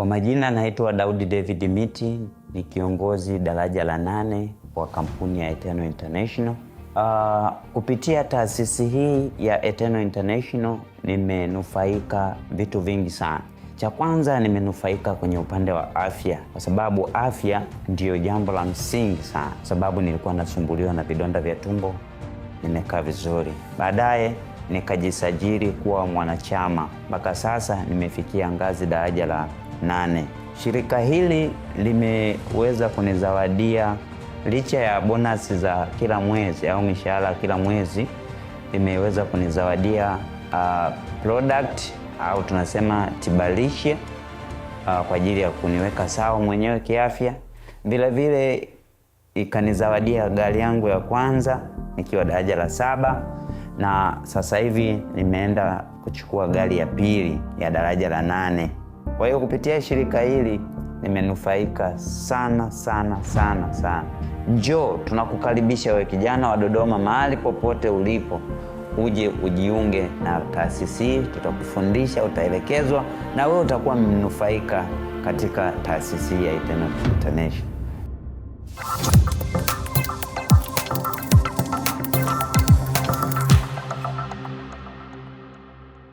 Kwa majina naitwa Daudi David Miti, ni kiongozi daraja la nane kwa kampuni ya Eternal International. Uh, kupitia taasisi hii ya Eternal International nimenufaika vitu vingi sana. Cha kwanza nimenufaika kwenye upande wa afya, kwa sababu afya ndiyo jambo la msingi sana, kwa sababu nilikuwa nasumbuliwa na vidonda vya tumbo, nimekaa vizuri. Baadaye nikajisajili kuwa mwanachama, mpaka sasa nimefikia ngazi daraja la nane. Shirika hili limeweza kunizawadia licha ya bonasi za kila mwezi au mishahara kila mwezi, limeweza kunizawadia uh, product au tunasema tibalishe uh, kwa ajili ya kuniweka sawa mwenyewe kiafya. Vilevile ikanizawadia gari yangu ya kwanza nikiwa daraja la saba, na sasa hivi nimeenda kuchukua gari ya pili ya daraja la nane. Kwa hiyo kupitia shirika hili nimenufaika sana sana sana sana. Njoo, tunakukaribisha we kijana wa Dodoma, mahali popote ulipo, uje ujiunge na taasisi hii. Tutakufundisha, utaelekezwa, na wewe utakuwa mnufaika katika taasisi ya Eternal International.